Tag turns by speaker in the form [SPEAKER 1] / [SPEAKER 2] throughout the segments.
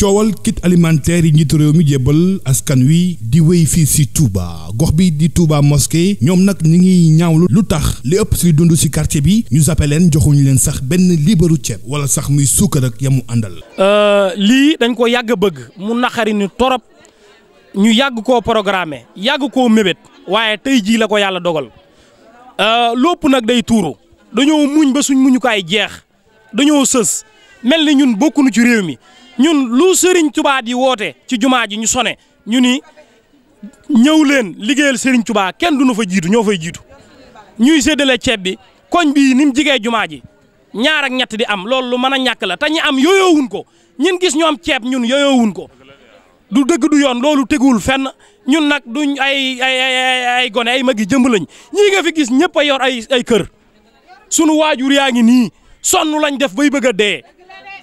[SPEAKER 1] coowal kit alimentaire yi njiitu réew mi jébbal askan wi di wéy fii si tuuba gox bi di Touba mosquée ñoom nag ñu ngi ñaawlu lu tax li ëpp si dund si quartier bi ñu zappe leen joxuñu leen sax benn liibaru ceeb wala sax muy suukar ak yamu àndal.
[SPEAKER 2] Euh, lii dañ ko yàgg bëgg mu naqari ni torop ñu yàgg koo programmer yàgg koo mébét waaye tey jii la ko yàlla dogal euh, lépp nag day tuuru dañoo muñ ba suñ muñukaay jeex dañoo sës mel ni ñun bokkunu ci réew mi ñun lu sëriñ Touba di woote ci jumaa ji ñu sone ñu ni ñëw leen liggéeyal Serigne Touba kenn du nu fa jiitu ñoo fay jiitu ñuy séddale ceeb bi koñ bi ni mu jigee jumaa ji ñaar ñett di am lool lu mën a ñàkk la te ñi am yooyoowuñ ko ñun gis ñu am ceeb ñun yooyoowuñ ko du dëgg du yoon loolu teguwul fenn ñun nag duñ ay ay ay ay gone ay mag yi jëmb lañ ñii nga fi gis ñëpp a yor ay ay kër sunu waajur yaa ngi nii sonn lañ def bay bëgg a dee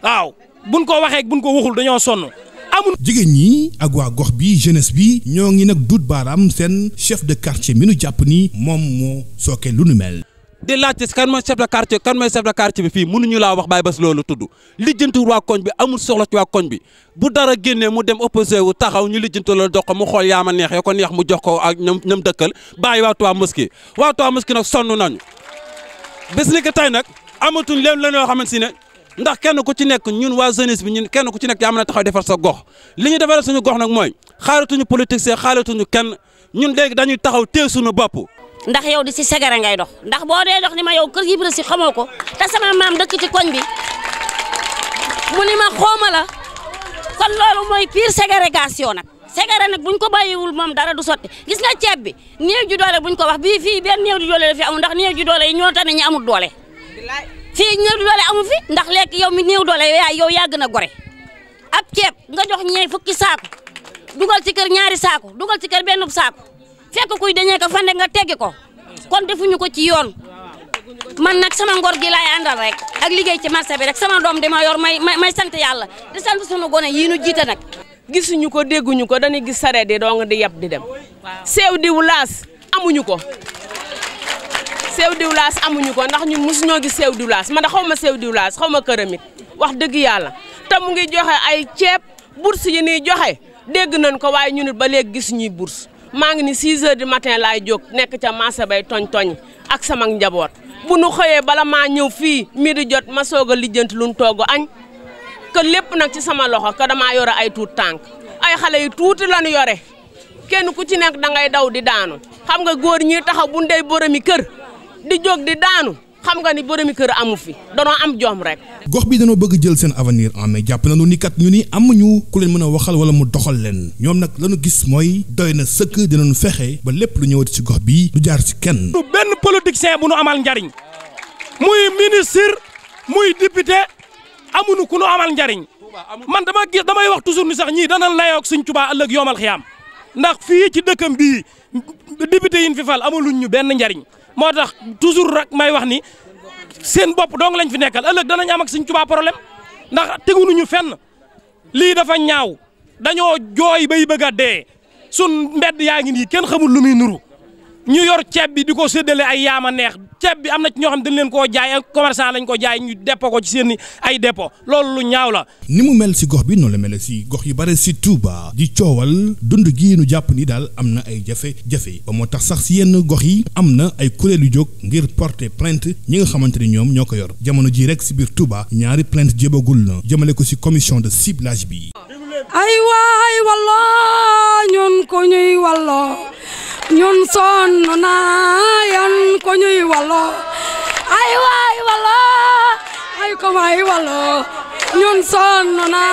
[SPEAKER 2] waaw buñ ko waxee buñ ko waxul dañoo sonn. amul
[SPEAKER 1] jigéen ñi ak waa gox bi jeunesse bi ñoo ngi nag duut baaraam seen chef de quartier mi nu jàpp ni moom moo sooke lu nu mel. di laajte
[SPEAKER 3] kan mooy chef de quartier kan mooy chef de quartier bi fii mënuñu laa wax Baye Bass loolu tudd lijjantu waa koñ bi amul soxla ci waa koñ bi bu dara génnee mu dem opposé wu taxaw ñu lijjantu loolu dox ko mu xool yaa ma neex ya ko neex mu jox ko ak ñoom ñoom dëkkal bàyyi waa Touba Mosquée waa Touba Mosquée nag sonn nañu bés ni que tey nag amatuñ leen la ñoo xamante ne ndax kenn ku ci nekk ñun waa jeunesse bi ñun kenn ku ci nekk yaa mën a taxaw defar sa gox li ñu defaral suñu gox nag mooy xaaratuñu politicien xaaratuñu kenn ñun léegi dañuy taxaw téye suñu bopp.
[SPEAKER 4] ndax yow di si segere ngay dox ndax boo dee dox ni ma yow kër Ibra si xamoo ko te sama maam dëkk ci koñ bi mu ni ma xooma la kon loolu mooy pire ségrégation nag. segara nag buñ ko bàyyiwul moom dara du sotti gis nga ceeb bi néew ju doole buñ ko wax bii fii benn néew ju doole la fi amul ndax doole yi ñoo tamit ñi amul doole fii néew doole amu fi ndax lekk yow mi néew doole yaa yow yaa gën a gore ab ceeb nga jox ñee fukki saako dugal ci kër ñaari saako dugal ci kër benn saako fekk kuy dañee ko fande nga teggi ko kon defuñu ko ci yoon
[SPEAKER 5] man nag sama ngor gi laay àndal rek ak liggéey ci marché bi rek sama doom di ma yor may may sant yàlla di sant sunu gone yii nu jiite nag. gisuñu ko dégguñu ko dañuy gis saree yi dong di yab di dem. waaw seew di wulaas amuñu ko. seew diwlaas amuñu ko ndax ñu mosuñoo gis seew diwlaas man da xaw ma seew diwlaas xaw ma wax dëgg yàlla te mu ngi joxe ay ceeb bourse yi niy joxe dégg nañ ko waaye ñun ba léegi gis ñuy bourse maa ngi ni 6 heures du laay jóg nekk ca marché bay toñ-toñ ak sama njaboot bu nu xëyee bala maa ñëw fii mi di jot ma soog a lijjant lu nu togg añ que lépp nag ci sama loxo que damaa yore ay tuut tànk ay xale yu tuuti lañu yore kenn ku ci nekk da ngay daw di daanu xam nga góor di jóg di daanu xam nga ni boromi kër amu fi danoo am jom rek.
[SPEAKER 1] gox bi danoo bëgg jël seen avenir en main jàpp nañu ni kat ñu ni amuñu ku leen mën a waxal wala mu doxal leen ñoom nag lañu gis mooy doy na sëkk dina dinañu fexe ba lépp lu ñëwati ci gox bi du jaar ci kenn. du
[SPEAKER 2] benn politicien bu nu amal njariñ muy ministre muy député amuñu ku nu amal njariñ man dama gis damay wax toujours ni sax ñii danañ layoog suñ Tuubaa ëllëg yoomal am ndax fii ci dëkkam bii député yi ñu fi amaluñ ñu benn njariñ. moo tax toujours rek may wax ni seen bopp dong lañ fi nekkal ëllëg danañ am ak Sëñ Tuubaa problème ndax tegunuñu fenn lii dafa ñaaw dañoo jooy bay bëgg a dee sun mbedd yaa ngi nii kenn xamul lu muy nuru ñu yor ceeb bi di ko séddale ay yaama neex ceeb bi am na ci ñoo xam dañ leen koo jaay ay commerçant lañ ko jaay ñu dépôt ko ci seen ay dépôt loolu ñaaw la. ni mu
[SPEAKER 1] mel si gox bi noonu la mel si gox yu bare si Touba di coowal dund gi nu jàpp ni daal am na ay jafe-jafe ba moo tax sax si yenn gox yi am na ay kuréel yu jóg ngir porter plainte ñi nga xamante ni ñoom ñoo ko yor jamono jii rek si biir Touba ñaari plainte jébagul na jëmale ko si commission de ciblage bi.
[SPEAKER 4] ñun sonn na yan ko ñuy walo ay waay walo ay ko may walo ñun sonn na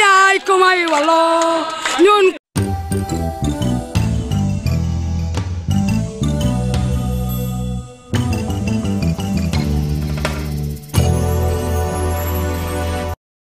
[SPEAKER 4] yaay ko may walo ñun